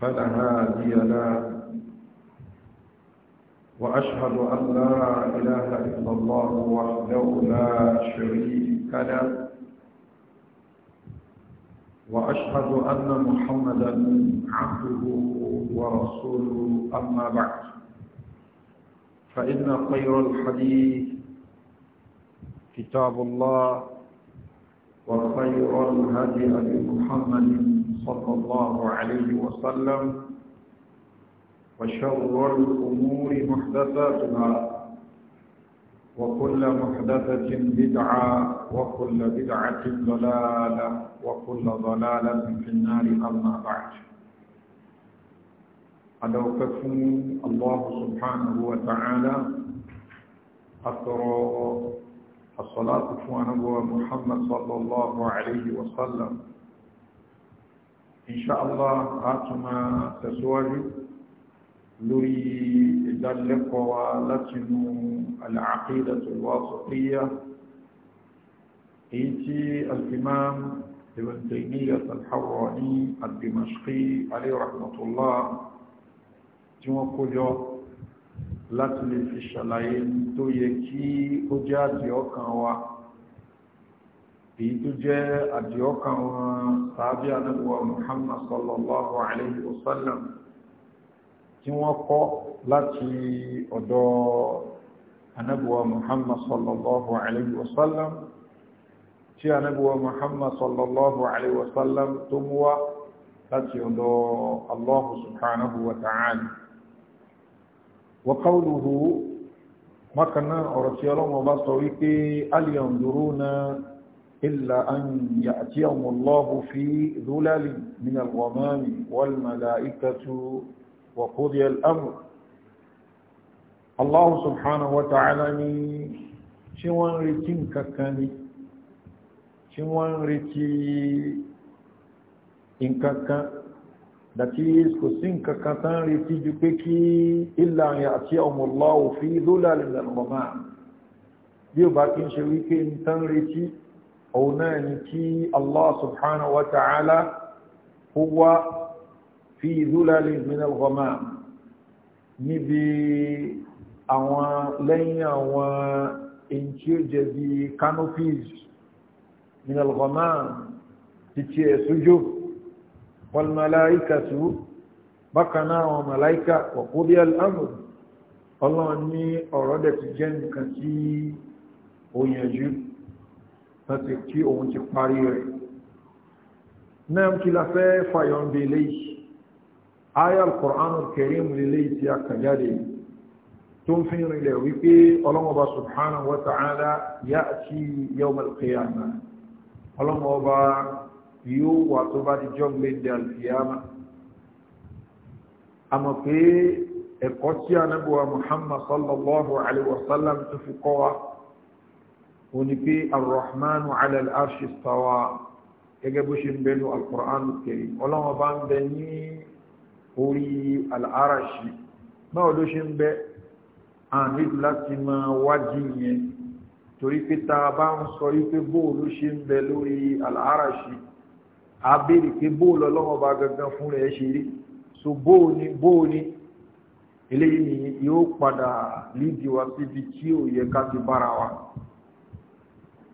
فلا هادي له وأشهد أن لا إله إلا الله وحده لا شريك له وأشهد أن محمدا عبده ورسوله أما بعد فإن خير الحديث كتاب الله وخير الهدي لمحمد محمد صلى الله عليه وسلم وشر الأمور محدثاتها وكل محدثة بدعة وكل بدعة ضلالة وكل ضلالة في النار أما بعد أدوككم الله سبحانه وتعالى أثر الصلاة على محمد صلى الله عليه وسلم insha Allah a tún máa tẹ̀síwájú lórí ìdánilẹ́kọ̀ọ́ wa látinú al-aqidatul wasitiyah èyí tí al-imam ibn Taymiyyah al-Harrani ad-Dimashqi alayhi tí wọ́n kójọ láti lè fi ṣàlàyé tó yẹ kí ó jẹ́ ọkàn wa èyí tó jẹ́ àdìọ́kàn wọn tàbí àdàbọ̀ Muhammad sallallahu alayhi wa sallam tí wọ́n kọ́ láti ọ̀dọ̀ anabuwa Muhammad sallallahu alayhi wa sallam tí anabuwa Muhammad sallallahu alayhi wa sallam tó mú wá láti ọ̀dọ̀ Allah subhanahu wa ta'ala wa qawluhu makana ọ̀rọ̀ tí ọlọ́mọba sọ wípé al yanzuruna إلا أن يأتيهم الله في ذلل من الغمام والملائكة وقضي الأمر الله سبحانه وتعالى ṣe wọ́n ń retí nǹkan kan ni ṣe wọ́n ń retí nǹkan kan dàtí kò sí nǹkan kan tán ń retí ju pé kí ìlànà àti ọmọlá òfin lólà lè lọ́mọ́ máa bí ó bá kí ń ṣe wípé ń tán retí òun náà ni kí Allah subhanahu wa ta'ala kó wá fi dhulalin minal ghamam níbi àwọn lẹ́yìn àwọn èyí tí ó jẹ́ bí canopies minal ghamam títí ẹ̀ sójò wal malaikatu bákan náà àwọn màláíkà ọ̀kúrí al'amur ọlọ́run ní ọ̀rọ̀ ti jẹ́ nǹkan tí ó yẹjú láti kí òun ti parí rẹ̀ náà kí la fẹ́ fàyọ̀n bí léyìí ayé alkùránù karim léyìí tí a kàn jáde tó ń fi rinlẹ̀ wípé ọlọ́mọba subhanahu wa ta'ala ya'ti yawm al ọlọ́mọba yóò wà tó bá di jọ́gbé di alkiyama àmọ́ pé ẹ̀kọ́ tí a muhammad sallallahu alaihi wasallam tó fi kọ́ wa ó ní pé arrahmanu ala al-arshi istawa gẹ́gẹ́ bó ṣe ń bẹnu al-Qur'an al-Karim ọlọ́wọ́n bá ń bẹ ní orí al-arashi báwo ló ṣe ń bẹ àmì láti máa wájú yẹn torí pé tá a bá ń sọ wípé bóò ló ṣe ń bẹ lórí al-arashi a béèrè pé bóò lọ́lọ́wọ́n bá gangan fún rẹ̀ ṣe rí so bóò ni bóò ni eléyìí ni yóò padà lídìí wa síbi tí ò yẹ ká ti bára wa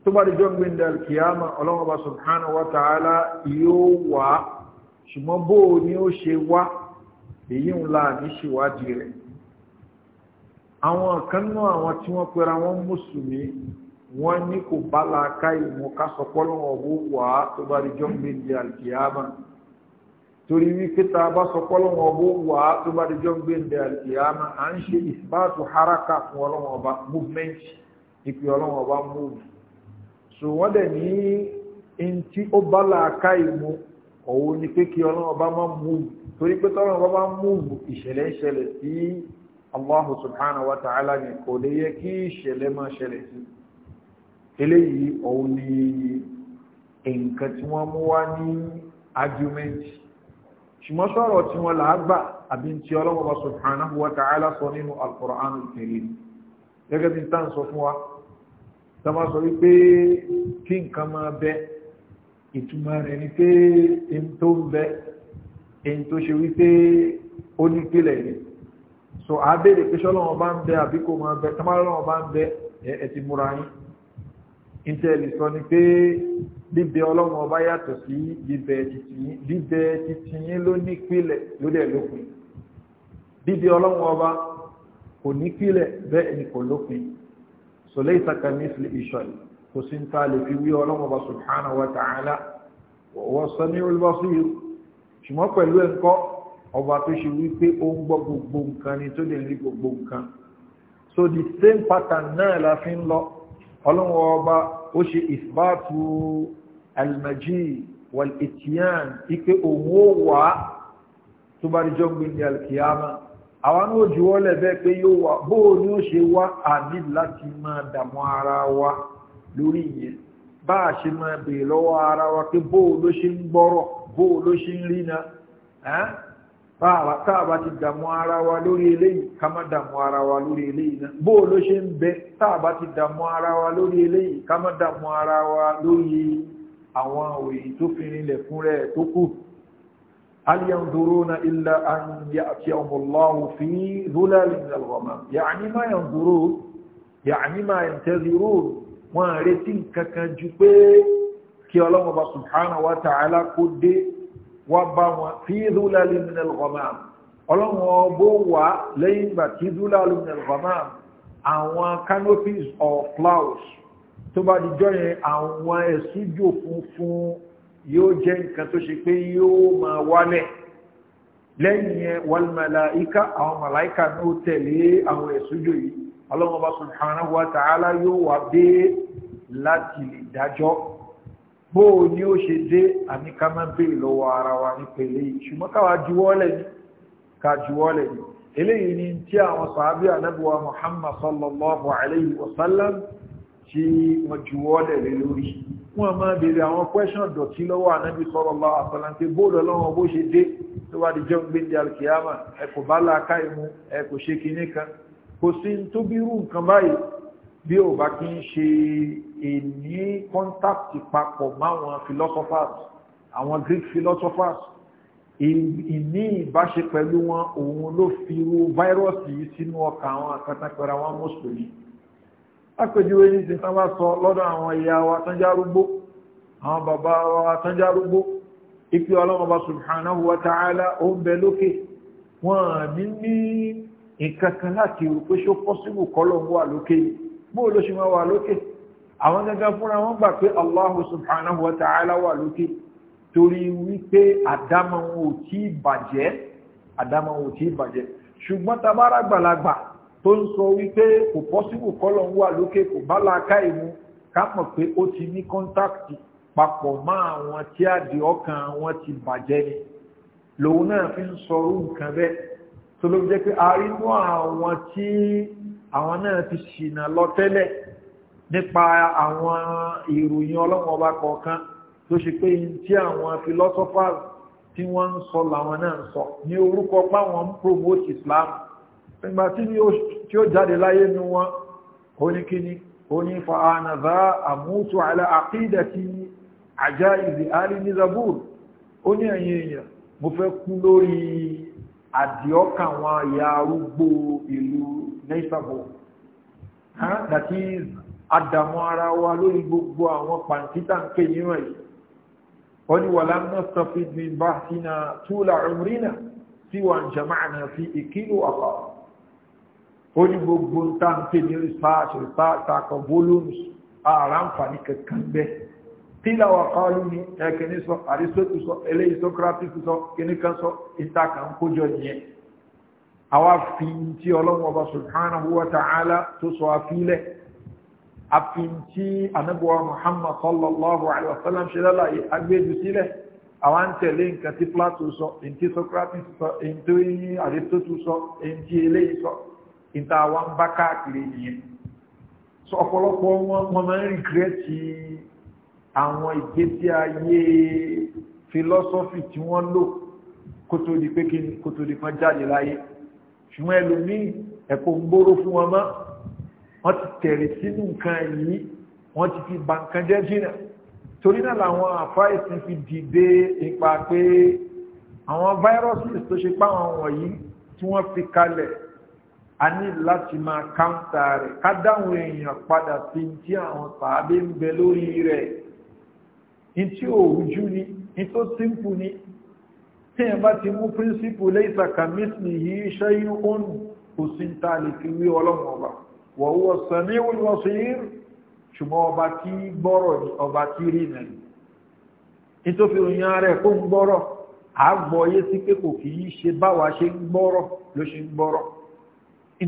tó bá dìjọ́ gbìndà kìyàmà ọlọ́wọ́ba subhanahu wa ta'ala yóò wá ṣùgbọ́n bó ni ó ṣe wá èyí ń la ní ṣèwádìí rẹ̀ àwọn kan náà àwọn tí wọ́n pera wọn mùsùlùmí wọ́n ní kò bá làákà ìmọ̀ ká sọpọ́lọ́wọ́ owó wà á tó bá dìjọ́ gbìndà kìyàmà torí wípé tá a bá sọpọ́lọ́wọ́ owó wà á tó bá dìjọ́ gbìndà kìyàmà à ń ṣe ìsìbáàtù haraka fún ọlọ́wọ́ ọba ìpè ọlọ́wọ́ ọba so wọ́n dẹ̀ ní in tí ó bá làákà ìmú òun ni pé kí ọlọ́run ọba máa mú un torí pé tọ́lọ́run ọba máa mú un ìṣẹ̀lẹ̀ ìṣẹ̀lẹ̀ sí allahu subhanahu wa ta'ala ni kò lè yẹ kí ìṣẹ̀lẹ̀ máa ṣẹlẹ̀ sí eléyìí òun ni nǹkan tí wọ́n mú wá ní argument ṣùgbọ́n sọ̀rọ̀ tí wọ́n là á gbà àbí tí ọlọ́run ọba subhanahu wa ta'ala sọ nínú al-Qur'an gẹ́gẹ́ bí n sọ fún wa tọ́mọ sọ wípé kí nǹkan máa bẹ ìtumọ̀ rẹ̀ ni pé ẹni tó ń bẹ ẹni tó ṣe wípé ó ní pílẹ̀ ni so àbèrè pé ṣọ́lọ́wọ́n bá ń bẹ àbí kò máa bẹ tọ́mọ lọ́wọ́n bá ń bẹ ẹ ti múra yín ìtẹ̀lì sọ ni pé bíbẹ ọlọ́run ọba yàtọ̀ sí bíbẹ títìyín bíbẹ ló ní pílẹ̀ ló dẹ̀ lópin bíbẹ ọlọ́run ọba kò ní pílẹ̀ bẹ́ẹ̀ ni kò lópin so laysa kamithlihi shay kò sí ń ta lè fi wí ọlọ́run ọba subhanahu wa ta'ala wa sami'ul basir ṣùgbọ́n pẹ̀lú ẹ̀ńkọ́ ọba tó ṣe wípé ó ń gbọ́ gbogbo nǹkan ni tó lè rí gbogbo nǹkan so the same pattern náà la fi ń lọ ọlọ́run ọba ó ṣe ìsbátu almaji wal itiyan ipe òun ó wà tó bá rí jọ́gbìn ní alkiyama àwọn náà juwọ́lẹ̀ bẹ́ẹ̀ pé yóò wà bóò ní ó ṣe wá àní láti máa dàmú ara wa lórí ìyẹn bá a ṣe máa bèèrè lọ́wọ́ ara wa pé bóò ló ṣe ń gbọ́rọ̀ bóò ló ṣe ń rína táàbà ti dàmú ara wa lórí eléyìí ká má dàmú ara wa lórí eléyìí náà bóò ló ṣe ń bẹ táàbà ti dàmú ara wa lórí eléyìí ká má dàmú ara wa lórí àwọn òyìn tó fi rinlẹ̀ fún rẹ̀ tó kù هل ينظرون إلا أن يأتيهم الله في ظلال من الغمام يعني ما ينظرون يعني ما ينتظرون وارتين ككجبي كي الله سبحانه وتعالى قد وبما في ظلال من الغمام ọlọ́run ọbọ̀ wà lẹ́yìn ìgbà tí zúlálù nìlgọ́mà àwọn canopies of clouds tó bá dìjọ́ yẹn àwọn ẹ̀sùn jò funfun yóò jẹ́ nǹkan tó ṣe pé yóò máa wálẹ̀ lẹ́yìn yẹn wal màláíkà àwọn màláíkà ní ó tẹ̀lé àwọn ẹ̀sùjò yìí ọlọ́run ọba subhanahu wa ta'ala yóò wà dé láti lè dájọ́ bó o ní ó ṣe dé àmì ká máa bèèrè lọ́wọ́ ara wa ní pèlè yìí ṣùgbọ́n káwa juwọ́lẹ̀ ni ká juwọ́lẹ̀ ni eléyìí ni tí àwọn sàábì ànábì Muhammad sallallahu alayhi wa sallam tí wọ́n juwọ́ lẹ̀ lé lórí wọ́n máa bèèrè àwọn kwẹ́ṣọ́n dọ̀tí lọ́wọ́ ànábì sallallahu alaihi wasallam bóòlù ọlọ́wọ́ bó ṣe dé tó wá di jọ gbéńdé alkiyama ẹ̀kọ́ bá láàká ìmú ẹ̀kọ́ ṣe kinní kan kò sí tó bí irú nǹkan báyìí bí ò bá kí ń ṣe èní kọ́ńtàkì papọ̀ máwọn philosophers àwọn Greek philosophers ìní ìbáṣe pẹ̀lú wọn òun ló fi irú fáírọ́ọ̀sì yìí sínú ọkà àwọn akátàpẹ̀rẹ̀ àwọn mùsùlùmí àpèjúwe ní ti tánbá sọ lọ́dọ̀ àwọn ìyá wa tánjárúgbó àwọn bàbá wa tánjárúgbó ipi ọlọ́mọba subhanahu wa ta'ala ó ń bẹ lókè wọ́n ní ní ìkankan láti rò pé ṣó pọ́síbù kọ́lọ̀ wà lókè bóò ló ṣe máa wà lókè àwọn gangan fúnra ṣùgbọ́n tabára gbàlagbà tó ń sọ wípé kò pọ́sibù kọ́lọ̀ ń wà lókè kò bá láàká ìmú ká mọ̀ pé ó ti ní kọ́ńtáàkì papọ̀ mọ́ àwọn tí àdì ọkàn wọn ti bàjẹ́ ni lòun náà fi ń sọrú nǹkan bẹ́ẹ̀ tó ló jẹ́ pé arínú àwọn tí àwọn náà ti ṣìnà lọ tẹ́lẹ̀ nípa àwọn ìròyìn ọlọ́wọ́n ọba kọ̀ọ̀kan tó ṣe pé tí àwọn philosophers tí wọ́n ń sọ làwọn náà ń sọ ní orúkọ páwọn ń promote Islam nígbà tí ó jáde láyé nú wọn oníkíní oní fa'ánàzá àmútu àlà àkídàtí àjá ìzì alì ní zabur ó ní ẹ̀yìn èèyàn mo fẹ́ kú lórí àdíọ́kà wọn ya arúgbó ìlú nẹ́sàbọ̀ dàtí àdàmọ́ ara wa lórí gbogbo àwọn pàǹtítà ń pè níwọ̀n yìí wọ́n ni wà lámọ́ sọfíìdì bá sínà túlà ọmọrìnà tí wọ́n jamaà náà fi ìkílò àpapọ̀ ó ní gbogbo ń tá ń pè ní research research akọ volumes ara ń fà ní kankan bẹ́ pílà wà kọ́ọ̀lù ní ẹ̀kẹ́ ní sọ àrísọ́tù sọ eléyìí Sócrates sọ kíní kan sọ ìtàkà ń kójọ nìyẹn àwa fi tí ọlọ́run ọba subhanahu wa ta'ala tó sọ àfilẹ̀ àfihàntí anábọ̀wà muhammad sallallahu alaihi wasallam ṣe lálàyé agbéjù sílẹ̀ àwọn ń tẹ̀lé nǹkan tí plato sọ èyí tí socrates sọ èyí tó yí aristotle sọ èyí tí eléyìí sọ ìta wa ń bá káàkiri nìyẹn so ọ̀pọ̀lọpọ̀ wọn máa ń rìgírẹ́tì àwọn ìgbésí ayé fìlọ́sọ́fì tí wọ́n lò kó di pé kí ni kó tó di kan jáde láyé ṣùgbọ́n ẹlòmíì ẹ̀kọ́ ń gbóró fún wọn mọ́ wọ́n ti tẹ̀rẹ̀ sínú nǹkan yìí wọ́n ti fi ba nǹkan jẹ́ jìnnà torí náà làwọn àfáìsìn fi dìde ipa pé àwọn viruses tó ṣe pá wọ̀nyí tí wọ́n fi kalẹ̀ a ní láti máa káńtà rẹ̀ ká dáhùn èèyàn padà sí tí àwọn tàbí ń bẹ lórí rẹ̀ in tí ò ni in tó símpù ni tí ẹ̀ bá ti mú príncipù laysa kamislihi shay'un kò sí ta lè fi wí ọlọ́run ọba wa huwa sami'ul basir ṣùgbọ́n ọba tí gbọ́rọ̀ ni ọba tí rí nàìjíríà nítorí òyìn ààrẹ kó ń gbọ́rọ̀ àgbọ̀yé sí pé kò kìí ṣe báwa ṣe ń gbọ́rọ̀ ló ṣe ń gbọ́rọ̀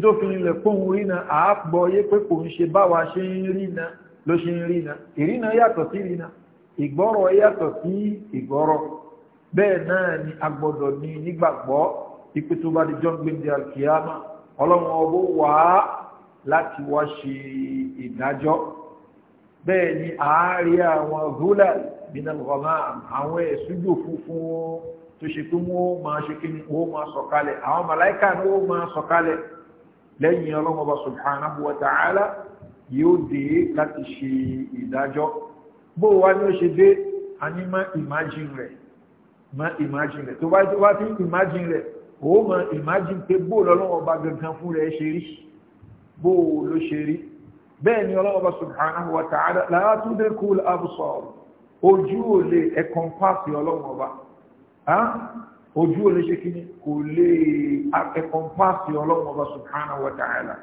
tó fi ilẹ̀ pòhun rína àápọ̀ yé pé kò ń ṣe báwa ṣe ń na ló ṣe ń rína ìrína yàtọ̀ sí rína ìgbọ́rọ̀ yàtọ̀ sí ìgbọ́rọ̀ bẹ́ẹ̀ náà ni a gbọ́dọ̀ ní nígbàgbọ́ ipe tó bá di john gbendé alkiyama ọlọ́run ọgbó wá láti wá ṣe ìdájọ́ bẹ́ẹ̀ ni ààrí àwọn húlà nínú ọmọ àwọn ẹ̀sùjò funfun tó ṣe pé wọ́n máa ṣe kí ni wọ́n máa sọ̀kalẹ̀ àwọn màláìkà ni wọ́n máa sọ̀kalẹ̀ lẹ́yìn ọlọ́mọba subhanahu wa ta'ala yóò dé láti ṣe ìdájọ́ bó wá ní ó ṣe dé a ní má imagine rẹ̀ má imagine rẹ̀ tó bá tó bá fi imagine rẹ̀ ó má imagine pé bó lọ́lọ́mọba gangan fún rẹ̀ ṣe rí bó ló ṣe rí bẹ́ẹ̀ ni ọlọ́mọba subhanahu wa ta'ala ojú ò lè ṣe kí ni kò lè akẹ́kọ̀ọ́ pàṣẹ ọlọ́run ọba subhanahu wa ta'ala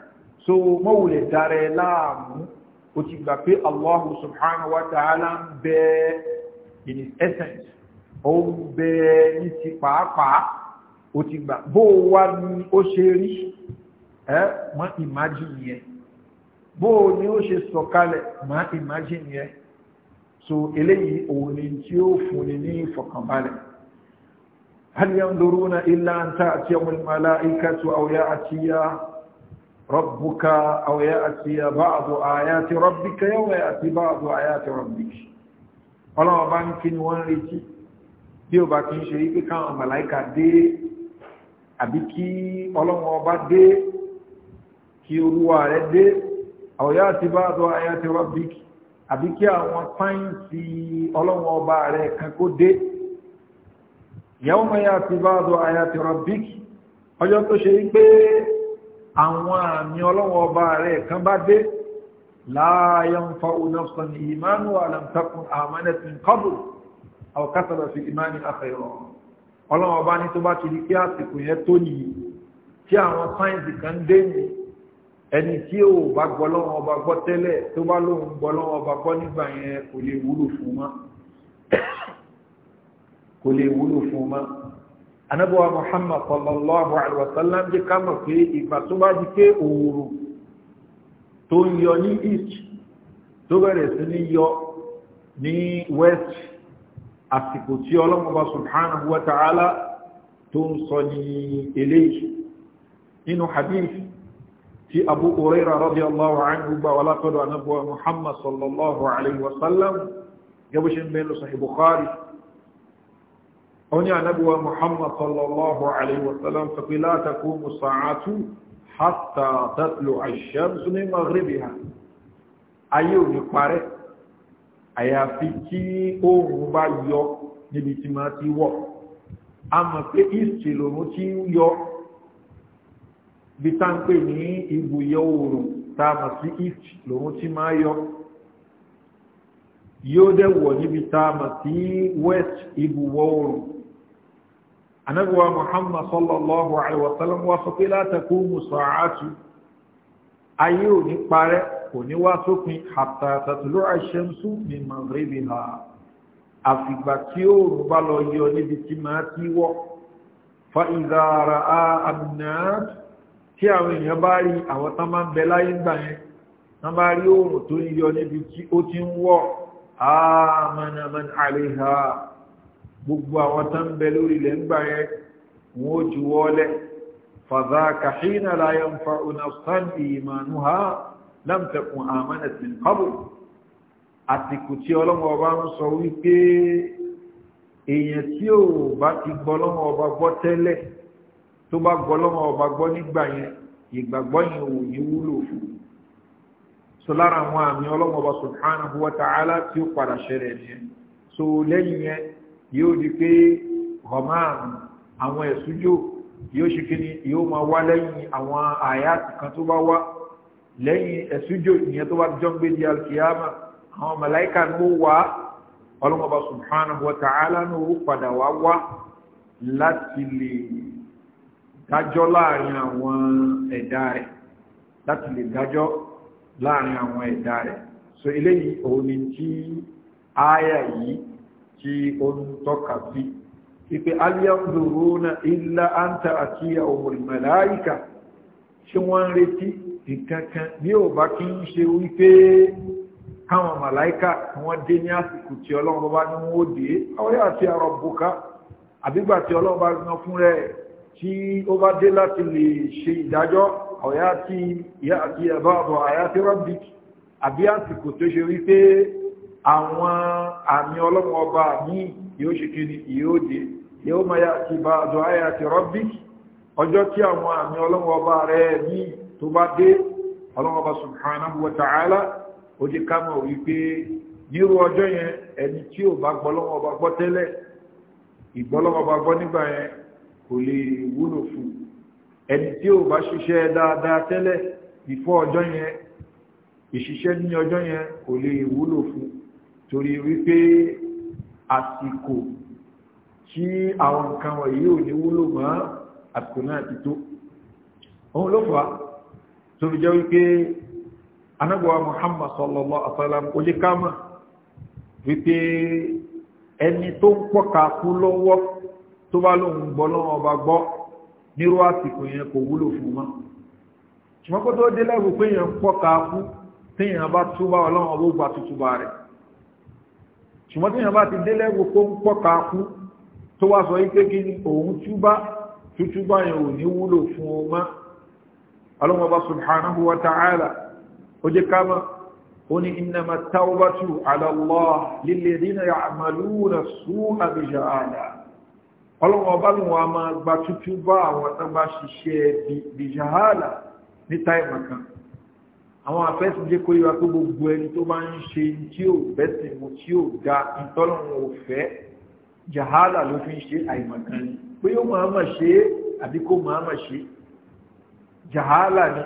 so mọ́wùlẹ̀ darẹ̀ láàmú o ti gbà pé allahu subhanahu wa ta'ala ń bẹ in his essence ó ń bẹ ní ti pàápàá o ti gbà bó wá ní ó ṣe rí ẹ mọ imagine yẹn bó ni ó ṣe sọ̀kalẹ̀ mọ imagine yẹn so eléyìí òun ni tí ó fúnni ní ìfọ̀kànbalẹ̀. هل ينظرون إلا أن تأتيهم الملائكة أو يأتي ربك أو يأتي بعض آيات ربك يوم يأتي بعض آيات ربك ọlọ́wọ́ bá ń kí ni wọ́n ń retí bí o bá kí ń ṣe wípé káwọn màláìka dé àbí kí ọlọ́wọ́ ọba dé kí olúwa rẹ̀ dé àwòyá àti bá àtọ́ ayá ti rọ́bíkì àbí kí àwọn sáyẹ́ǹsì ọlọ́wọ́ ọba rẹ̀ kan kó dé yawma ya'ti ba'du ayati rabbik ọjọ́ tó ṣe pé àwọn àmì ọlọ́wọ́ ọba rẹ̀ kan bá dé la yanfa'u nafsan imanuha lam takun amanat min qabl aw kasabat fi imaniha khayran ọlọ́wọ́ ọba ní tó bá ti di kí àsìkò yẹn tó nìyí tí àwọn sáyẹ́ǹsì kan dé ní ẹni tí ò bá gbọ́ lọ́wọ́ ọba gbọ́ tẹ́lẹ̀ tó bá lóun gbọ́ lọ́wọ́ ọba gbọ́ nígbà yẹn kò lè wúlò fún wọn kò lè wúlò fún ma anábọ̀wà Muhammad sallallahu alaihi wasallam jẹ́ ká mọ̀ pé ìgbà tó bá di pé òòrùn tó ń yọ ní east tó bẹ̀rẹ̀ sí ní yọ ní west àsìkò tí ọlọ́mọba subhanahu wa ta'ala tó ń sọ ní eléyìí nínú hadith tí abu hurairah radiyallahu anhu gbà wà látọ̀dọ̀ anábọ̀wà Muhammad sallallahu alaihi wasallam gẹ́bùsẹ̀ mẹ́lú sahih Bukhari oni anabuwa muhammad sallallahu alaihi wasallam fafi la taqumu sa'atu hatta tatlu ash-shams min maghribiha ayé ò ní parẹ́ àyàfi tí oòrùn bá yọ níbi tí máa ti wọ̀ a mọ̀ pé east ti ń yọ bí tá ń pè ní ibùyọ oòrùn tá a mọ̀ ti máa yọ yóò dẹ̀ wọ̀ níbi tá a west ibùwọ̀ oòrùn anabuwa muhammad sallallahu alaihi wasallam wa sọ pé látàkù musaatu ayé ò ní parẹ́ kò ní wá sópin hatta tatlu ash-shamsu min maghribiha àfìgbà tí oòrùn bá lọ yọ níbi tí máa ti wọ̀ fa idha ra'a an-nas tí àwọn èèyàn bá rí àwọn tán máa ń bẹ láyé gbà yẹn tán bá rí oòrùn tó ń yọ níbi tí ó amana man alaiha gbogbo àwọn tán bẹ lórí ilẹ̀ ń gbà yẹn wọ́n ó ju wọ́lẹ̀ fàzákà hínà láyé ń fa onafsan ìmánu ha lámtẹ̀kùn amanat min qabl àtìkù tí ọlọ́mọ so lára àwọn àmì ọlọ́mọ ọba subhanahu wa ta'ala tí ó padà ṣẹlẹ̀ yẹn so lẹ́yìn yẹn yóò di pé roman àwọn ẹ̀sújò yóò ṣe kí ni yóò máa wá lẹ́yìn àwọn àyàtì kan tó bá wá lẹ́yìn ẹ̀sújò ìyẹn tó bá jọ ń gbé di alkiyama àwọn màláíkà ní ó wá ọlọ́mọba subhanahu wa ta'ala ní ó padà wá wá láti lè dájọ́ láàrin àwọn ẹ̀dá rẹ̀ láti lè dájọ́ láàrin àwọn ẹ̀dá rẹ̀ so eléyìí òun ni tí ááyà yìí tí ó ń tọ́ka sí ipe alyanzuruna illa anta àti àwọn màláíkà tí wọ́n ń retí ìkankan bí ò bá kí ń ṣe wípé káwọn màláíkà wọ́n dé ní àsìkò tí ọlọ́run bá ní wọ́n dé ọ̀rẹ́ àti àrọ̀bùká àbígbà tí ọlọ́run bá gbọ́n fún rẹ̀ tí ó bá dé láti lè ṣe ìdájọ́ ọ̀rẹ́ àti ìyá àti ẹ̀bá ọ̀bọ̀ àyá tí àbí àsìkò tó ṣe wípé àwọn àmì ọlọ́run ọba ní yóò ṣe kiri yóò dé yóò máa yá ti bá àjọ àyà ti rọ́bí ọjọ́ tí àwọn àmì ọlọ́run ọba rẹ̀ ní tó bá dé ọlọ́run ọba subhanahu wa ta'ala ó ti ká mọ̀ wípé nírú ọjọ́ yẹn ẹni tí ò bá gbọ́lọ́run ọba gbọ́ tẹ́lẹ̀ ìgbọ́lọ́run ọba gbọ́ nígbà yẹn kò lè wúlò torí wípé àsìkò tí àwọn nǹkan wọ̀nyí ò ní wúlò mọ́ àsìkò náà ti tó ohun ló fà tó fi jẹ́ wípé anábọ̀wá Muhammad sallallahu alaihi wasallam ó lè ká mọ̀ wípé ẹni tó ń pọ̀ka kú lọ́wọ́ tó bá lóun gbọ́ lọ́wọ́ ọba gbọ́ nírú àsìkò yẹn kò wúlò fún mọ́ ṣùgbọ́n kó tó dé lẹ́wọ̀ pé èèyàn pọ̀ka kú téèyàn bá túbá ọlọ́run ọba ó bá rẹ̀ ṣùgbọ́n tí yàn bá ti délẹ̀ wo kó ń pọ́ka kú tó wá sọ wípé kí ni òun túbá tútúbá yẹn ò ní wúlò fún o mọ́ alọ́mọba subhanahu wa ta'ala ó jẹ́ ká ó ní innama tawbatu ala Allah lilladhina ya'maluna su'a bi jahala ọlọ́mọba ló wọn a máa gba tútúbá àwọn tó ṣiṣẹ́ bi jahala ní táìmù kan àwọn afẹ́sí jẹ́ kó yíwa pé gbogbo ẹni tó bá ń ṣe tí ò bẹ́sìn mu tí ò ga ìtọ́lọ́run ò fẹ́ jahada ló fi ń ṣe àìmọ̀kan ni pé ó máa mọ̀ ṣe é àbí kó máa mọ̀ ṣe jahada ni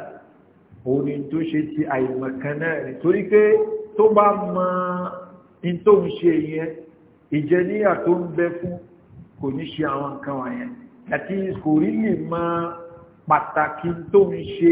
òun ni tó ṣe ti àìmọ̀kan náà ni torí pé tó bá mọ in tó ń ṣe yẹn ìjẹníyà tó ń bẹ fún kò ní ṣe àwọn nǹkan wọ̀nyẹn àti kò rí lè mọ pàtàkì tó ń ṣe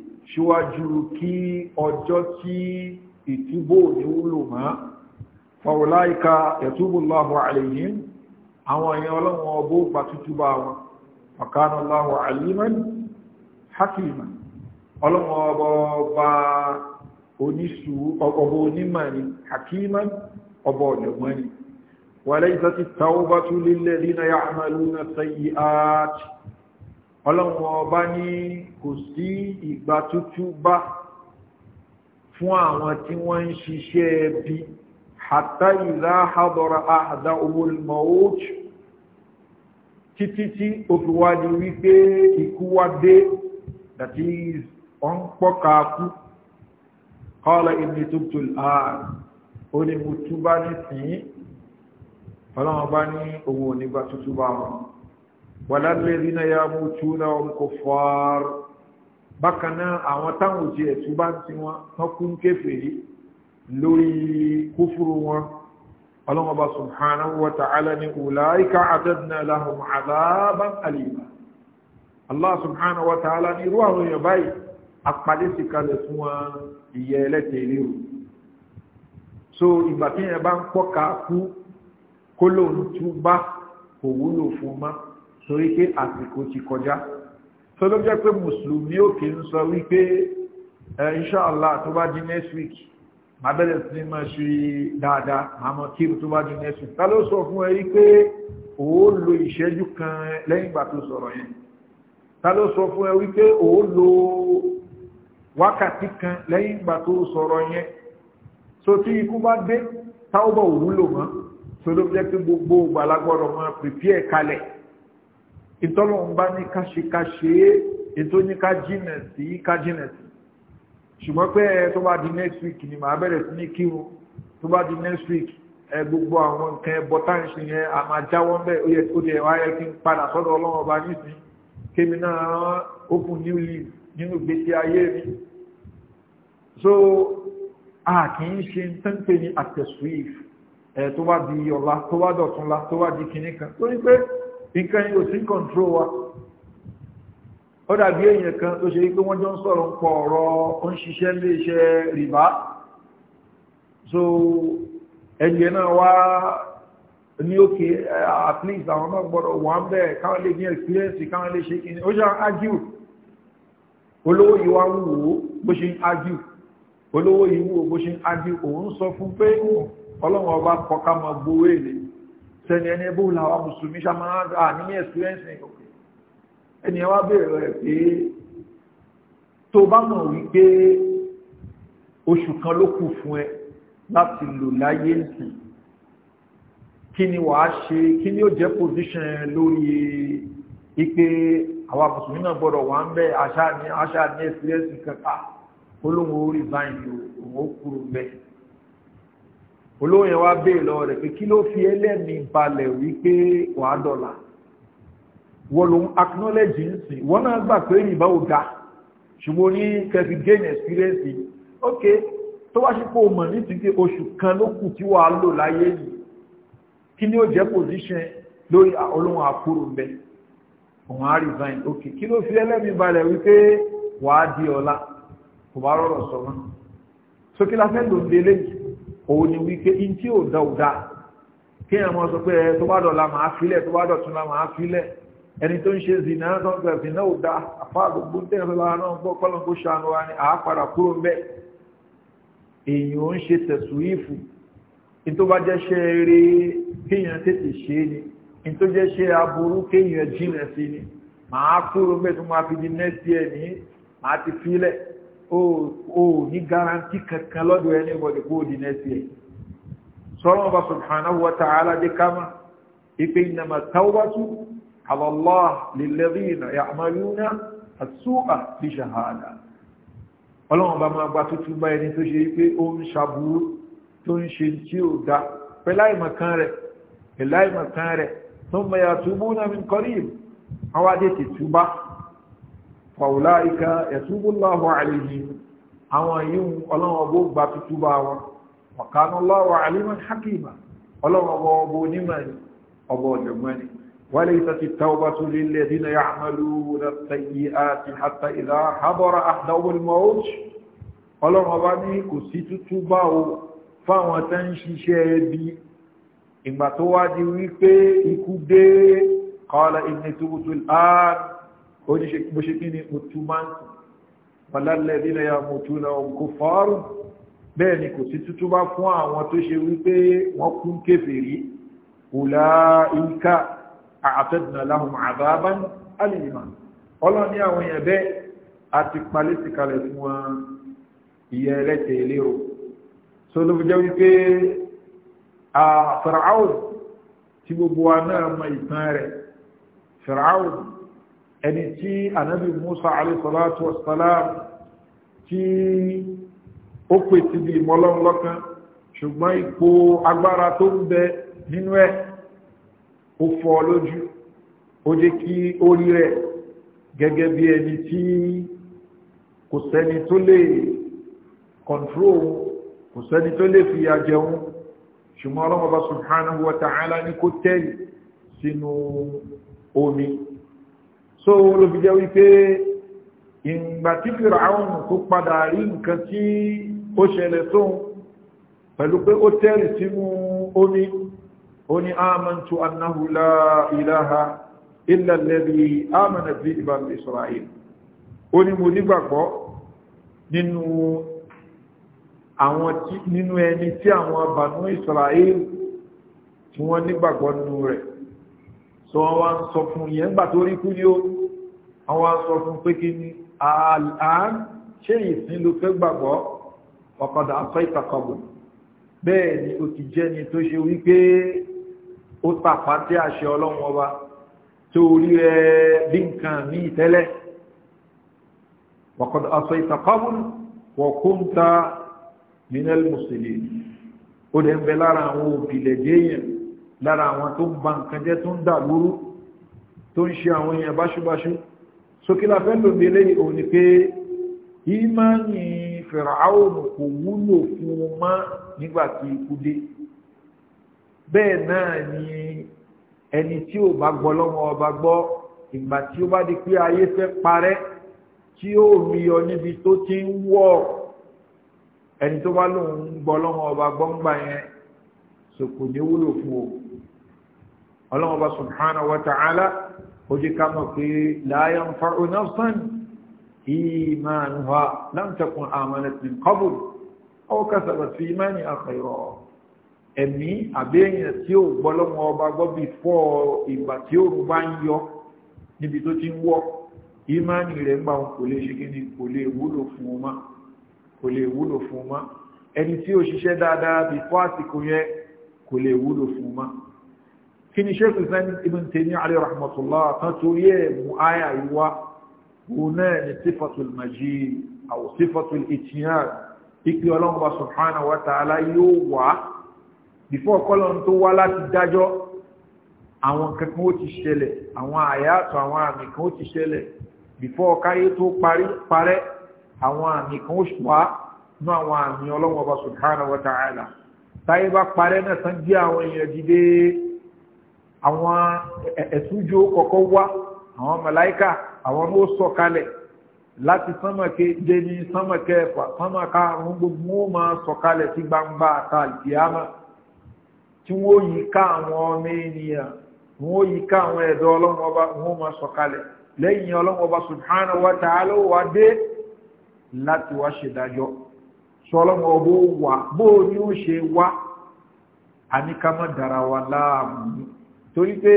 ṣíwájú kí ọjọ́ tí ìtúbò ní wúlò má fàwọláìka ẹ̀túbùláhù àlèyìn àwọn èèyàn ọlọ́run ọbó gbà tútù bá wọn ọ̀kánàláhù àlìmán hakima ọlọ́run ọba oníṣù ọba onímọ̀ ni hakiman ọba ọ̀dọ̀gbọ́n ni wàlẹ́ ìsàtì tàwọ́bátú lílẹ̀ ọlọ́run ọba ní kò sí ìgbà tútù bá fún àwọn tí wọ́n ń ṣiṣẹ́ bí hatta ìlà àbọ̀rọ̀ àdá owó mọ̀ọ́tù títí tí òfìwádìí wípé ikú wá dé that is wọ́n pọ́ka kú kọ́lá ibi tútù ààrùn ó ní mo túbá nísìnyí ọlọ́run ọba ní òun ò tútù bá wọn wàlá lẹ́rìnà ya mú túnà ọmọkọ̀fọ́r bákan náà àwọn táwọn òjì ẹ̀tú bá ń ti wọn tán kú ń kéfèé lórí kúfúrú wọn ọlọ́mọba subhanahu wa ta'ala ni ulaika adadna lahum azaban alima allah subhanahu wa ta'ala ni irú àwọn èèyàn báyìí apàdé sì kalẹ̀ fún wọn ìyẹ́ ẹlẹ́tẹ̀ẹ́ lérò so ìgbà tí yẹn bá ń pọ́ka kú kó bá kò wúlò fún máa torí pé àsìkò ti kọjá tó ló jẹ́ pé mùsùlùmí òkè ń sọ wípé inṣáàlá tó bá di next week máa bẹ̀rẹ̀ sí ní máa ṣe dáadáa àmọ́ kí tó bá di next week ta ló sọ fún ẹ rí pé ó lo ìṣẹ́jú kan lẹ́yìn ìgbà tó sọ̀rọ̀ yẹn ta ló sọ fún ẹ wípé ó lo wákàtí kan lẹ́yìn ìgbà tó sọ̀rọ̀ yẹn so tí ikú bá dé táwọn bá òwúlò mọ́ so ló jẹ́ pé gbogbo gbàlagbọ́dọ̀ máa prepare kalẹ̀ ìtọ́lọ́run bá ní káṣekáṣe ètò ní ká jìnà sí ká sí ṣùgbọ́n pé tó bá di next week ni màá bẹ̀rẹ̀ sí ní kí wọn tó bá di next week ẹ gbogbo àwọn nǹkan ẹbọ táǹṣì yẹn a máa jáwọ́ ń bẹ̀ ó yẹ kó di ẹ̀wá yẹ kí n padà sọ́dọ̀ ọlọ́run ọba nísìn kémi náà open new leaf nínú gbèsè ayé mi so a kì í ṣe tẹ́ǹpé ní àtẹ̀sùwìf ẹ̀ tó bá di ọ̀la tó bá dọ̀túnla tó bá di kinní kan torí pé nǹkan yóò sí kọ̀ntró wa ó dàbí èèyàn kan tó ṣe wípé wọ́n jọ ń sọ̀rọ̀ ń pọ̀ ọ̀rọ̀ ó ń ṣiṣẹ́ lé iṣẹ́ rìbá so ẹgbẹ́ náà wá ní òkè at least àwọn náà gbọ́dọ̀ wà ń bẹ́ẹ̀ káwọn lè ní experience káwọn lè ṣe kìíní ó ṣe ń ágíù olówó yìí wá wúwo bó ṣe ń ágíù olówó yìí wúwo bó ṣe ń ágíù òun sọ fún pé ọlọ́run ọba kọ ká máa gbowó èlé sẹ́ni ẹni ẹbú làwọn mùsùlùmí ṣàmáà ní ẹ̀sìrẹ́ǹsì ẹni ẹwà bèèrè rẹ̀ pé tó bá mọ̀ wípé oṣù kan ló kù fún ẹ láti lò láyé nsìn kí ni wàá ṣe kí ni ó jẹ́ position lórí ipe àwa mùsùlùmí náà gbọ́dọ̀ wà ń bẹ́ àṣà ní ẹ̀sìrẹ́ǹsì kẹta olóhùn orí báyìí òun ó kúrò bẹ́ẹ̀ olóhùn yẹn wá béè lọ rẹ̀ pé kí ló fi ẹlẹ́mìí balẹ̀ wípé wàá dọ̀là wọ́n ló ń acknowledge ń sìn wọ́n náà gbà pé ìbá ò ga ṣùgbọ́n ní kẹfì gain experience ok tó wá sí pé o mọ̀ nítorí pé oṣù kan ló kù tí wàá lò láyé yìí kí ni ó jẹ́ position lórí olóhùn àkúrò ń bẹ òun á resign ok kí ló fi ẹlẹ́mìí balẹ̀ wípé wàá di ọ̀la kò bá rọrọ̀ sọ mọ́ so kí la òun ni wípé in tí ò dáúdá kí ẹ mọ́ sọ pé ẹ tó bá dọ̀la máa filẹ̀ tó bá dọ̀tún la máa filẹ̀ ẹni tó ń ṣe zìnà tó ń gbẹ̀ zìnà ò dá àfá gbogbo tẹ́yìn tó lára náà gbọ́ kọ́lọ́n kó ṣàánú wa ni àápadà kúrò mbẹ́ èèyàn ń ṣe tẹ̀sù ìfù in tó bá jẹ́ ṣe eré kéèyàn tètè ṣe ni in tó jẹ́ ṣe aburú kéèyàn jìnà sí ni màá kúrò mbẹ́ tó máa fi di nẹ́ẹ̀sì ẹ̀ ní màá ti filẹ̀ ó ní garanti kankan lọ́dọ̀ ẹni bọ̀dẹ̀ kó di nẹ́sì ẹ̀ sọ́rọ̀ ọba subhanahu wa ta'ala dé kama ipe ìnàmà taubatu ala Allah lilladhina ya'maluna as-su'a bi shahada ọlọ́run bá máa gba tuntun bá ẹni tó ṣe wípé ó ń ṣàbúrú tó ń ṣe tí ó dá pẹ̀láìmọ̀kan rẹ̀ tó mọ̀ túbú náà min qarib àwọn adé ti túbá fàwùláìka yatubulahu alayhim àwọn yìí ọlọ́wọ́ bó gba tuntun bá wọn wa kana Allahu aliman hakima ọlọ́wọ́ bó bó nímọ̀ ọbọ̀ ọ̀jọ̀gbọ́n ni وليست التوبة للذين يعملون السيئات حتى إذا حضر أحدهم الموت ọlọ́run ọba ìgbà tó wá di wípé ikú dé qala inni tubtu ó ní bó ṣe kí ni mutumantu balálẹ́dínlẹ̀ ya mutu na òǹkó fọ́ọ̀rù bẹ́ẹ̀ ni kò sí tútú bá fún àwọn tó ṣe wípé wọ́n kún kéfèrí kùlá ìka àtẹ́dùnà láhùn àbábán alìmọ̀ ọlọ́ni àwọn èèyàn bẹ́ẹ̀ àti palẹ́ ti kalẹ̀ fún wọn ìyẹn ẹlẹ́tẹ̀ ìlérò so ló fi jẹ́ wípé Fir'aun tí gbogbo wa náà mọ ìtàn rẹ̀ Fir'aun ẹni tí ànábì Musa alayhi salatu wassalam tí ó pè ti di ìmọ̀lọ́run lọ́kàn ṣùgbọ́n ipò agbára tó ń bẹ nínú ẹ̀ ó fọ́ lójú ó jẹ́ kí ó rí rẹ̀ gẹ́gẹ́ bí ẹni tí kò sẹ́ni tó lè kọ̀ntró kò sẹ́ni tó lè fìyà jẹun ṣùgbọ́n ọlọ́mọba subhanahu wa ta'ala ní kó tẹ́lì sínú omi so ló fi jẹ́ wípé ìgbà tí Fir'aun tó padà rí nǹkan tí ó ṣẹlẹ̀ sóhun pẹ̀lú pé ó tẹ́rì sínú omi ó ní amantu annahu la ilaha illa alladhi amanat bihi banu Isra'il ó ní mo nígbàgbọ́ nínú ẹni tí àwọn banu Isra'il tí wọ́n nígbàgbọ́ nínú rẹ̀ so wọ́n wá ń sọ fún yẹn gbà tó rí kú ní ó àwọn wá ń sọ fún pé kí ni àán ṣé ìsìn ló fẹ́ gbàgbọ́ ọ̀kadà sọ ìtàkọ̀bù bẹ́ẹ̀ ni ó ti jẹ́ ni tó ṣe wípé ó tàpá tí àṣẹ ọlọ́run ọba tó rí rẹ bí nǹkan ní ìtẹ́lẹ̀ ọ̀kadà sọ ìtàkọ̀bù wọ̀kúńta minel mùsùlùmí ó dẹ̀ ń bẹ lára àwọn òbílẹ̀ déèyàn lára àwọn tó ń ba nǹkan jẹ́ tó ń dà lúrú tó ń ṣe àwọn èèyàn báṣúbáṣú sókílá fẹ́ lòdì eléyìí òun ni pé ìmánì fìràáwòrán kò wúlò fún un mọ́ nígbà ikú dé bẹ́ẹ̀ náà ni ẹni tí ò bá gbọ́ lọ́wọ́ ọba gbọ́ ìgbà tí ó bá di pé ayé fẹ́ parẹ́ tí ó rí ọ níbi tó ti ń wọ̀ ẹni tó bá lòun gbọ́ lọ́wọ́ ọba gbọ́ ń gbà yẹn sòkò ní wúlò fún òun ọlọ́run ọba subhanahu wa ta'ala ó jẹ́ ká mọ̀ pé la yanfa'u nafsan imanuha lam takun amanat min qabl aw kasabat fi imaniha khayra ẹ̀mí àbẹ́yìn tí ó gbọ́lọ́wọ́ ọba gbọ́ bí fọ́ ìgbà tí ó rú bá ń yọ níbi tó ti ń wọ́ ìmáàni rẹ̀ ń bá wọn kò lè ṣe kí ni kò lè wúlò fún ọmọ kò lè wúlò fún ọmọ ẹni tí ó ṣiṣẹ́ dáadáa bí fọ́ àsìkò yẹn kò lè wúlò fún ọmọ kí ni sheikh islam ibn taymi alayhi rahmatullah kan torí ẹ̀ mú àyà ìwá òun náà ni sifatul majid aw sifatul itiyan ìpè ọlọ́mọba subhanahu wa yóò wá before kọ́lọ́n tó wá láti dájọ́ àwọn kankan ó ti ṣẹlẹ̀ àwọn àyàtọ̀ àwọn àmì kan ó ti ṣẹlẹ̀ before káyé tó parẹ́ àwọn àmì kan ó wá ní àwọn àmì ọlọ́mọba subhanahu wa ta'ala táyé bá parẹ́ náà tán jí àwọn èèyàn jíde àwọn ẹ̀túnjú kọ̀kọ́ wá àwọn màláíkà àwọn ó sọ kalẹ̀ láti sánmàkè jẹni sánmàkè ẹ̀fà àwọn gbogbo ó máa sọ kalẹ̀ sí gbangba tí wọ́n yí ká àwọn ọmọ ènìyàn wọ́n yí ká àwọn ẹ̀dọ́ ọlọ́run ọba wọ́n máa sọ kalẹ̀ lẹ́yìn ọlọ́run ọba subhanahu wa torí pé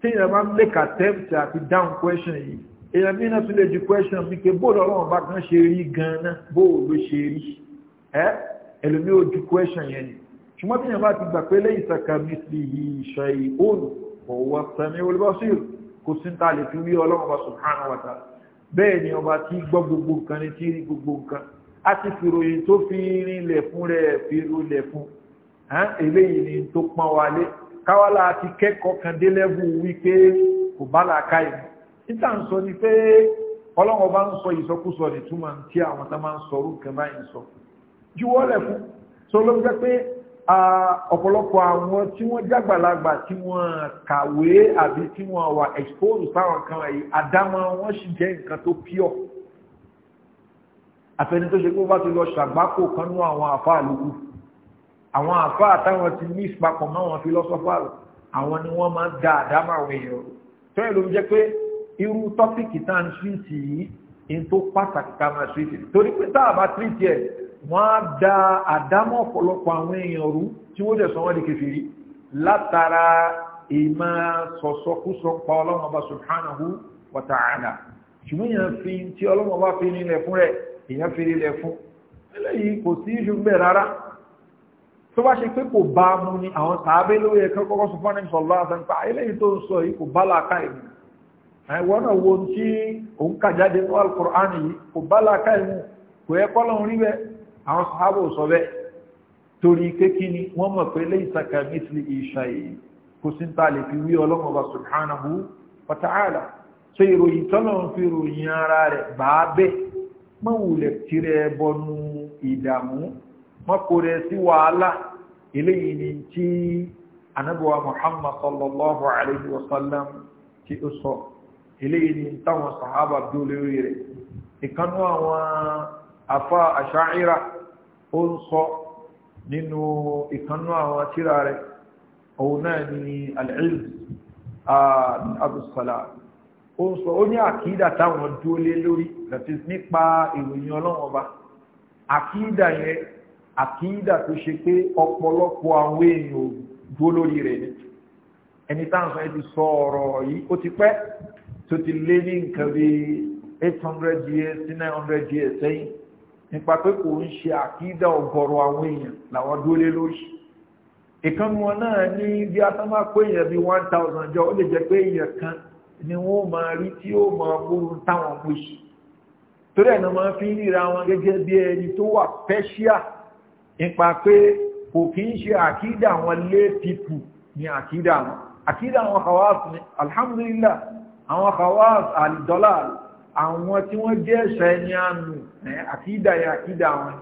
tí èèyàn bá make attempt àti down question yìí èèyàn bí náà tún lè ju question mi pé bóòlù ọlọ́run bá kan ṣe rí gan-an bóòlù ló ṣe rí ẹ ẹlòmí ò ju question yẹn ni ṣùgbọ́n tí èèyàn bá ti gbà pé lẹ́yìn ìsàkà mi sì yí ìṣe ìhóòlù ọ̀wọ́ sami olùbọ́síl kò sí ń ta lè fi rí ọlọ́run bá subhanahu wa ta'ala bẹ́ẹ̀ ni ọba tí gbọ́ gbogbo nǹkan ni tí rí gbogbo nǹkan a ti fìròyìn tó fi rinlẹ̀ fún rẹ̀ fi rúlẹ̀ fún eléyìí ni tó pọ́n wálé káwálà àti kẹ́kọ̀ọ́ kan dé lẹ́bù wípé kò bá làákà yìí níta ń sọ ni pé ọlọ́wọ́ bá ń sọ ìsọkúsọ nìtúmọ̀ tí àwọn tá máa ń sọ orúkẹ báyìí sọ juwọ́ lẹ̀ fún so ló jẹ́ pé ọ̀pọ̀lọpọ̀ àwọn tí wọ́n jágbàlagbà tí wọ́n kàwé àbí tí wọ́n wà expose sáwọn kan wọ̀nyí àdámọ́ wọn sì jẹ́ nǹkan tó pure àfẹni tó ṣe pé ó bá ti lọ ṣàgbákò kan nú àwọn àfáà lókù àwọn àfa àtàwọn ti ní ìfipapọ̀ mọ́ àwọn philosophers àwọn ni wọ́n máa ń da àdámà àwọn èèyàn tó yẹ ló ń jẹ́ pé irú tọ́pìkì tá à ń tírìtì yìí in tó pàtàkì ká máa tírìtì torí pé tá a bá tírìtì ẹ̀ wọ́n á da àdámọ̀ ọ̀pọ̀lọpọ̀ àwọn èèyàn rú tí wọ́n dẹ̀ sọ wọ́n di kẹfìrí látara ìmọ̀ sọ̀sọ́kúsọ pa ọlọ́run ọba subhanahu wa ta'ala ṣùgbọ́n èèyàn fi tí ọlọ́run ọba fi nílẹ̀ fún rẹ̀ èèyàn fi nílẹ̀ tó bá ṣe pé kò bá mú ni àwọn tàbí lórí ẹ̀kọ́ kọ́kọ́ sọ fọ́nà ìṣọ̀lá àtàǹpá eléyìí tó ń sọ yìí kò bá làákà ìmú àwọn náà wo tí òun kà jáde ní alukur'an yìí kò bá làákà ìmú kò yẹ kọ́lọ̀ rí bẹ́ẹ̀ àwọn sàhábò sọ bẹ́ẹ̀ torí kékin ni wọ́n mọ̀ pé lẹ́yìn sàkà mítìlì ìṣà yìí kò sí ta lè fi wí ọlọ́mọba subhanahu wa ta'ala so ìròyìn tọ́lọ̀ ń fi ròyìn ara rẹ̀ bàá bẹ́ẹ̀ mọ̀wùlẹ̀ tirẹ̀ bọnu ìdààmú mọ́kò rẹ̀ sí wàhálà eléyìí ni tí anábíwá muhammad sallallahu alayhi wa sallam ti ó sọ eléyìí ni táwọn sàhábà bí ó lérí rẹ̀ ìkanú àwọn afá àṣáírà ó ń sọ nínú ìkanú àwọn tíra rẹ̀ òun náà ni al'ilm abdulsalam ó ń sọ ó ní àkídà táwọn dúó lórí that is nípa ìròyìn ọlọ́wọ́n àkídà yẹn àkídà tó ṣe pé ọ̀pọ̀lọpọ̀ àwọn èèyàn dúró lórí rẹ̀ ni ẹni tá à ń sọ ẹ ti sọ ọ̀rọ̀ yìí ó ti pẹ́ tó ti lé ní nǹkan bí eight hundred years sí nine hundred years sẹ́yìn nípa pé kò ń ṣe àkídà ọ̀gọ̀rọ̀ àwọn èèyàn làwọn dúró lé lórí ìkan wọn náà ní bí a pé èèyàn bíi one thousand jọ ó lè jẹ́ pé èèyàn kan ni wọ́n máa rí tí ó máa búrú táwọn mú sí torí ẹ̀ náà máa fi ń ríra wọn gẹ́gẹ́ bí ẹni tó wà pẹ́ṣíà nípa pé kò kí ń ṣe àkídà wọn lé pípù ní àkídà wọn àkídà àwọn hawass ni alhamdulillah àwọn hawass al-dalal àwọn tí wọ́n jẹ́ ẹ̀ṣẹ̀ ẹni àánú àkídà yẹn àkídà wọn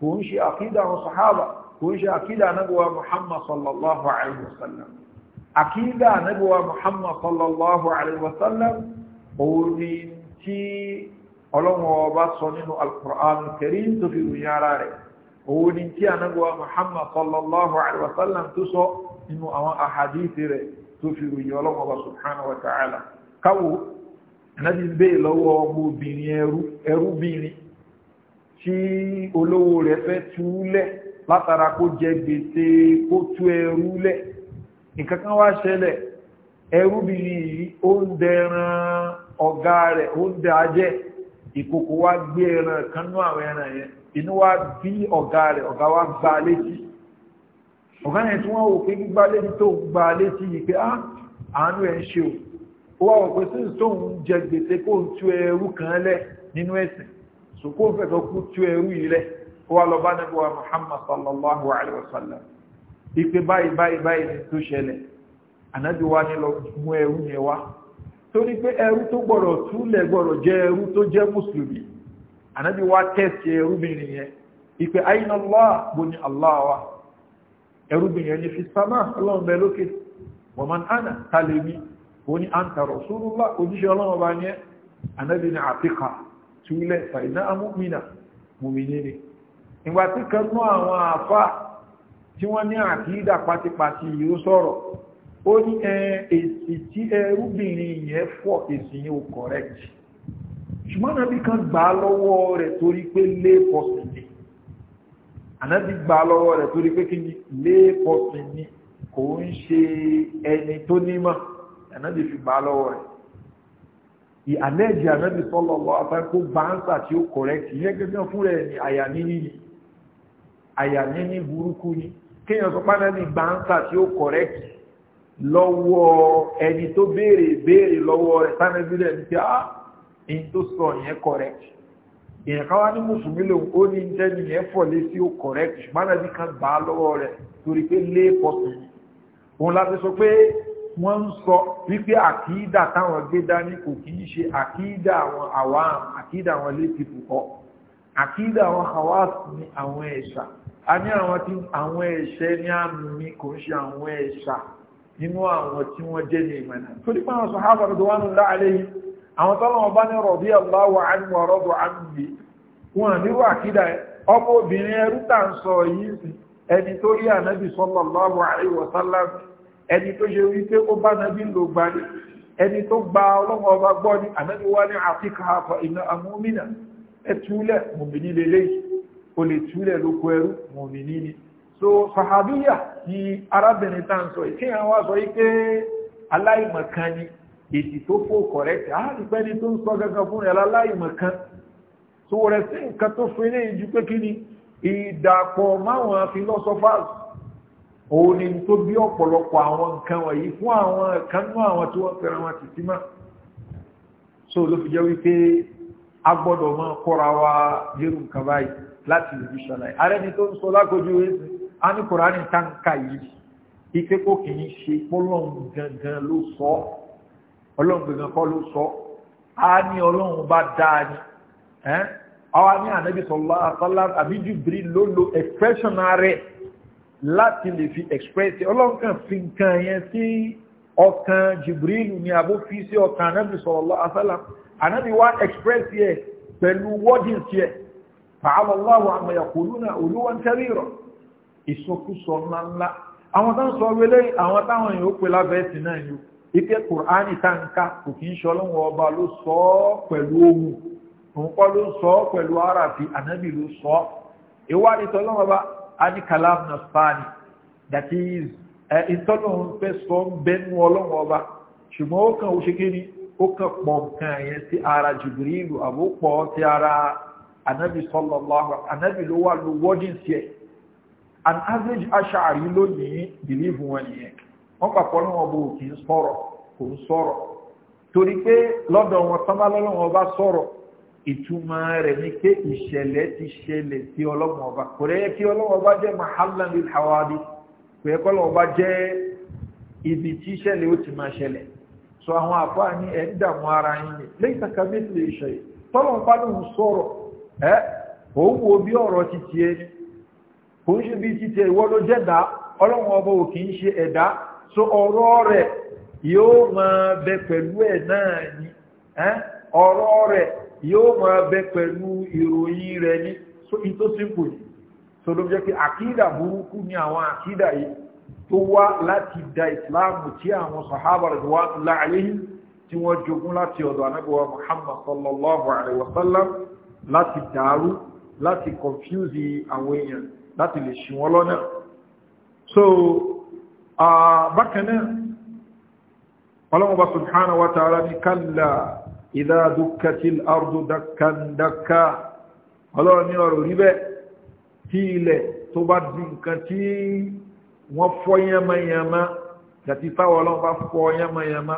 kò ń ṣe àkídà àwọn sahaba kò ń ṣe àkídà anábíwá muhammad sallallahu alayhi wa àkídà anábíwá muhammad sallallahu alayhi wa òun ni tí anágbà muhammad sallallahu alaihi wa sallam tó sọ nínú àwọn ahadithi rẹ̀ tó fi ròyìn ọlọ́wọ́ bá subhanahu wa ta'ala káwo anábì ń bèè lọ́wọ́ ọmọ obìnrin ẹrúbìnrin tí olówó rẹ̀ fẹ́ túlẹ̀ látara kó jẹ gbèsè kó tú ẹrú lẹ̀ nǹkan kan wá ṣẹlẹ̀ ẹrúbìnrin yìí ó ń dẹran ọ̀gá rẹ̀ ó ń dẹ ajẹ́ ìkòkò wá gbé inú wa bí ọ̀gá rẹ̀ ọ̀gá wa gbá létí ọ̀gá yẹn tí wọ́n wò pé gbígbá létí tó gbá létí yìí pé ah, àánú ẹ̀ ń ṣe o ó wà wọ̀pẹ́ sí tóun jẹ gbèsè kó ń tú ẹrú kan lẹ̀ nínú ẹ̀sìn so kó ń fẹ̀ tó tú ẹrú yìí lẹ̀ ó wà lọ bá nàbí wa Muhammad sallallahu alayhi wa sallam ìpè báyìí báyìí báyìí ni tó ṣẹlẹ̀ ànábì wa ni lọ mú ẹrú yẹn wá torí pé ẹrú tó gbọ́dọ̀ túlẹ̀ gbọ́dọ̀ jẹ́ ẹrú tó jẹ́ mùsùlùmí ànábì wá tẹ́sì ẹrúbìnrin yẹn ìpè àyínà Allah bó ni Allah wa ẹrúbìnrin yẹn ni fi sámà ọlọ́run bẹ lókè wọ́n máa ń ànà tálẹ̀ mi ó ní àǹtà Rasulullah ojúṣe ọlọ́run ọba ni ẹ ànábì ní àtìkà túlẹ̀ fàìnà amúmìnà mùmìnì ni ìgbà tí kan nú àwọn àfa tí wọ́n ní àkídà pátípátí yìí ó sọ̀rọ̀ ó ní ẹ èsì tí ẹrúbìnrin yẹn fọ̀ èsì yìí ò correct ṣùgbọ́n ànábì kan gbà á lọ́wọ́ rẹ̀ torí pé lé pọ̀sìn ni ànábì gbà á lọ́wọ́ rẹ̀ torí pé kí ni lé pọ̀sìn ni kò ń ṣe ẹni tó nímọ̀ ànábì fi gbà á lọ́wọ́ rẹ̀ ìhàlẹ́jì ànábì sọ́lọ̀ lọ afẹ́kó báńsà tí ó kọ̀rẹ́kì yẹ́ gẹ́gẹ́ fún rẹ̀ ní àyà níní ni àyà níní burúkú ni kéèyàn sọ pánà ní báńsà tí ó kọ̀rẹ́kì lọ́wọ́ ẹni tó béèrè béèrè lọ́wọ́ rẹ̀ sánẹ́bílẹ̀ ní pé ah in tó sọ yẹn correct èèyàn káwá ní mùsùlùmí lòun ó ní jẹ́ni yẹn fọ̀ lé sí ó correct ṣùgbọ́n àbí kan gbà á lọ́wọ́ rẹ̀ torí pé lé pọ̀sùn ni òun láti sọ pé wọ́n ń sọ wípé àkídà táwọn gbé dání kò kì í ṣe àkídà àwọn àwàm àkídà àwọn lé pípù kọ́ àkídà àwọn ni àwọn ẹ̀ṣà a ní àwọn tí àwọn ẹ̀ṣẹ́ ní àmì mi kò ń ṣe àwọn ẹ̀ṣà nínú àwọn tí wọ́n jẹ́ ní ìmọ̀nà torí pé àwọn sọ̀hábà rẹ̀ tó wà nù láàlẹ́ yìí àwọn tọ́lọ́wọ́ bá ní rọ̀bí aláwọ̀ àníwọ̀ rọ́bọ̀ àníwì wọn nírò àkídà ọmọ obìnrin ẹrú tà ń sọ yìí sí ẹni tó rí ànábì sallallahu alaihi wasallam ẹni tó ṣe wípé ó bá nábì ló gbá ní ẹni tó gba ọlọ́wọ́ ọba gbọ́ ní èsì tó fò kọ̀rẹ́tì àádìpẹ́ ní tó ń sọ gangan fún ẹ̀lá láìmọ̀ kan tó rẹ̀ sí nǹkan tó fi ní ìjú pé kí ni ìdàpọ̀ máwọn philosophers òun ni tó bí ọ̀pọ̀lọpọ̀ àwọn nǹkan wọ̀nyí fún àwọn kanú àwọn tí wọ́n fẹ́ràn wọn títí mọ́ so ló fi jẹ́ wípé a gbọ́dọ̀ máa kọ́ra wa yẹ́rù nǹkan báyìí láti ìlú ṣọláì ààrẹ ni tó ń sọ lágojú ẹ̀sìn a ní kòránì táǹkà yìí ike kò kì í ṣe pọ́lọ́ọ̀mù gangan ló sọ ọ́ ọlọ́run gbẹ̀gàn kọ́ ló sọ á ní ọlọ́run bá dáa ni àwa ní ànábì sallallahu alaihi wasallam àbí Jibril ló lo expression rẹ̀ láti lè fi express ọlọ́run kan fi nǹkan yẹn sí ọkàn Jibril ni àbó fi sí ọkàn ànábì sallallahu alaihi wasallam wá express yẹ pẹ̀lú wordings yẹ fa'ala Allahu amma yaquluna uluwan kabira ìsọkúsọ ńláńlá àwọn táwọn sọ wẹlé àwọn táwọn èèyàn ó náà yóò ipe kùránì táǹkà kò kí ń ṣe ọlọ́run ọba ló sọ ọ́ pẹ̀lú ohun òun kọ́ ló sọ ọ́ pẹ̀lú ara fi ànábì ló sọ ọ́ ìwádìí tọ́lọ́run ọba adikalam na spani that is ìtọ́lọ́run fẹ́ sọ ń bẹnu ọlọ́run ọba ṣùgbọ́n ó kàn ó ṣe kéde ó kàn pọ̀ nǹkan yẹn sí ara jìbìrìlù àbó pọ̀ sí ara ànábì sallallahu ànábì ló wà ló wọ́dìn sí ẹ̀ an average aṣáàrí lónìí believe wọn nìyẹn wọ́n pàpọ̀ lọ́wọ́ bò kì í sọ̀rọ̀ kò ń sọ̀rọ̀ torí pé lọ́dọ̀ wọn tán bá bá sọ̀rọ̀ ìtumọ̀ rẹ̀ ti ṣẹlẹ̀ sí ọlọ́wọ́ ọba kò rẹ̀ kí ọlọ́wọ́ ọba jẹ́ mahala ọba jẹ́ ibi tí ìṣẹ̀lẹ̀ ó ti máa so àwọn àfáà ní ẹ̀ ń dààmú ara yín ni lẹ́yìn ti lè ṣe sọ̀rọ̀ ẹ́ òun wo bí ọ̀rọ̀ ti tiẹ̀ kò ń ṣe bí ti tiẹ̀ ló jẹ́ dá so ọ̀rọ̀ rẹ̀ yóò máa bẹ pẹ̀lú ẹ̀ náà ni ọ̀rọ̀ rẹ̀ yóò máa bẹ pẹ̀lú ìròyìn rẹ̀ ni so in tó simple yìí so ló jẹ́ pé àkídà burúkú ni àwọn àkídà yìí tó wá láti da ìsìláàmù tí àwọn sàhábà confuse àwọn èèyàn láti lè so Ah, bákan náà ọlọ́mọba subhanahu wa ta'ala ni kalla idha dukkatil ardu dakkan dakka ọlọ́run ní ọ̀rọ̀ rí bẹ́ẹ̀ tí ilẹ̀ tó bá di nǹkan tí wọ́n fọ́ yánmayánmá àti táwọn fọ́ yánmayánmá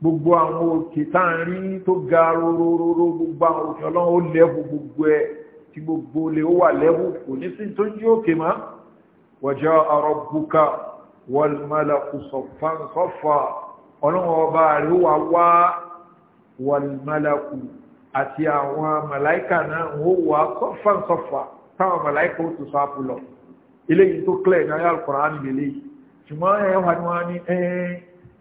gbogbo àwọn òkè táàrí tó ga rorororo gbogbo wọlmọ́lẹ̀kù sọ̀fà ọlọ́wọ́ ọba rẹ̀ wà wá wọlmọ́lẹ̀kù àti àwọn màláìkà náà wọ́n wà sọ̀fà sọ̀fà táwọn màláìkà ó tún sáàpù lọ eléyìí tó clear ní ayé Al-Qur'an lélẹ̀ ṣùgbọ́n ẹ wà ní wọn ní ẹ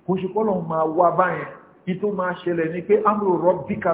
kò ṣe kọ́lọ̀ máa wá báyẹn ní tó máa ṣẹlẹ̀ ní pé amru rabbika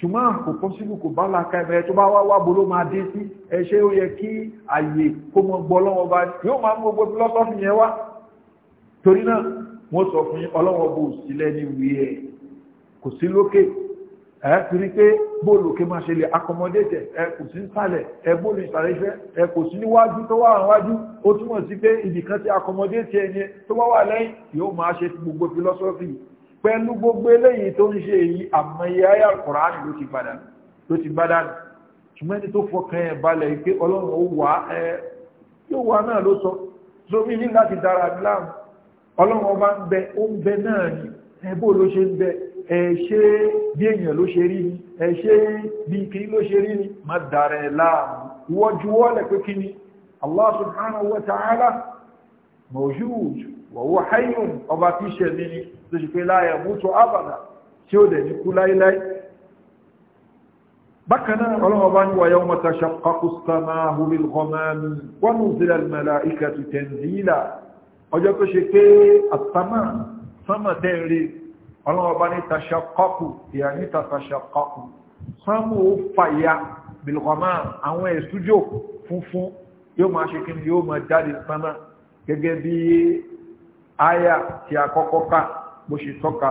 ṣùgbọ́n kò pọ́sílù kò bá láka ẹ̀mẹ́ tó bá wá bó ló máa dé sí ẹṣẹ́ ó yẹ kí àyè kó mọ gbọ́ ọlọ́wọ́ bá yóò máa mú gbogbo lọ́sọ́fì yẹn wá torí náà wọ́n sọ fún ọlọ́wọ́ bó sílẹ̀ ní wí ẹ̀ kò sí lókè ẹ̀ torí pé bóòlù kí máa ṣe lè accommodate ẹ kò sí nísàlẹ̀ ẹ bóòlù ìsàlẹ̀ ẹ kò sí níwájú tó wà níwájú ó túmọ̀ sí pé ibìkan ti accommodate ẹni tó wá wà lẹ́yìn yóò máa ṣe gbogbo philosophy pẹ̀lú gbogbo eléyìí tó ń ṣe èyí àmọye ayé alukọ̀rán ló ti padà ló ti bá dànù ṣùgbọ́n ẹni tó fọkàn ẹ̀ balẹ̀ yìí pé ọlọ́run ó wà ẹ yóò wà náà ló sọ sómi ní láti dára láàmú ọlọ́run ọba ń bẹ ó ń bẹ náà ni ẹ ló ṣe ń bẹ ẹ ṣe bí èèyàn ló ṣe rí ni ẹ ṣe bí kiri ló ṣe rí ni má dára ẹ láàmú ìwọ́jú wọ́lẹ̀ pé kí ni Allah subhanahu wa ta'ala mawjud wọ̀wọ́ hayyun ọba tí ṣẹ̀mí ni tó ṣe pé láyẹ̀ mútu abada tí ó dẹ̀ ní kú láíláí bákanáà ọlọ́wọ́ bá ní wa yawma tashaqqaqu as-samā'u bil-ghamāmi wa nuzila al-malā'ikatu tanzīlā yóò máa ṣe kí ni yóò máa jáde sánmà gẹ́gẹ́ bí aya tí a kọ́kọ́ ká bó ṣe tọ́ka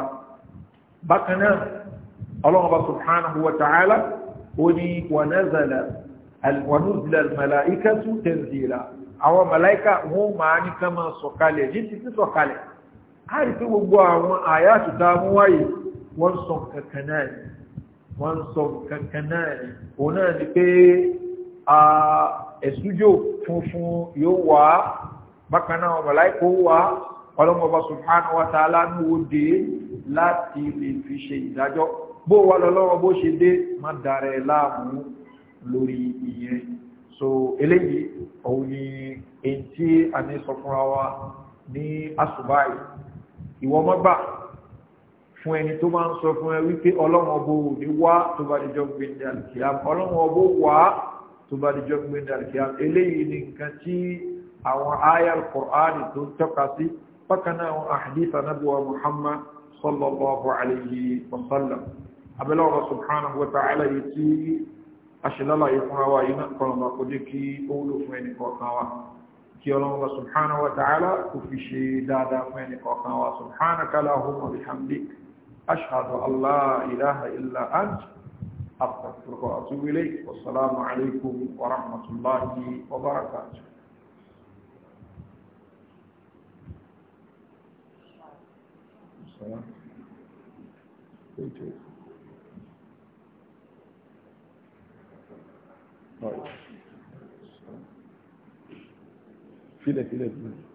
bákan náà ọlọ́run bá subhanahu wa ta'ala ó ní wa nazala wa nuzila al-mala'ikatu tanzila àwọn màláìka wọn máa ní ká máa sọ̀kalẹ̀ ní ti sọ̀kalẹ̀ a rí pé gbogbo wọ́n sọ kankan náà ni wọ́n náà ni òun náà ni funfun yóò wá bákan náà màláìka ọlọ́mọba subhanahu wa ta'ala ní ó dé láti lè fi ṣe ìdájọ́ bó wà lọ́lọ́wọ́ bó ṣe dé má darẹ̀ láàmú lórí ìyẹn so eléyìí òun ni èyí tí a ní sọ fúnra wa ní asùbáyì ìwọ mọ́gbà fún ẹni tó máa ń sọ fún ẹ wípé ọlọ́wọ́ bó ní wá tó bá dìjọ́ gbẹ̀ndẹ̀ àlùkìyàm ọlọ́wọ́ bó wá tó bá dìjọ́ gbẹ̀ndẹ̀ àlùkìyàm eléyìí ni nǹkan tí àwọn ayal Qur'ani tó tọ́ka sí فكنا أحديث نبوة محمد صلى الله عليه وسلم أبلا الله سبحانه وتعالى يتي أشهد الله يكون وإنا قال ما قدك أول فين قوقوا كي الله سبحانه وتعالى كفي شيء دادا فين قوقوا سبحانك اللهم وبحمدك أشهد أن لا إله إلا أنت أستغفرك وأتوب إليك والسلام عليكم ورحمة الله وبركاته Tamam. Peki. Hayır. File file. file.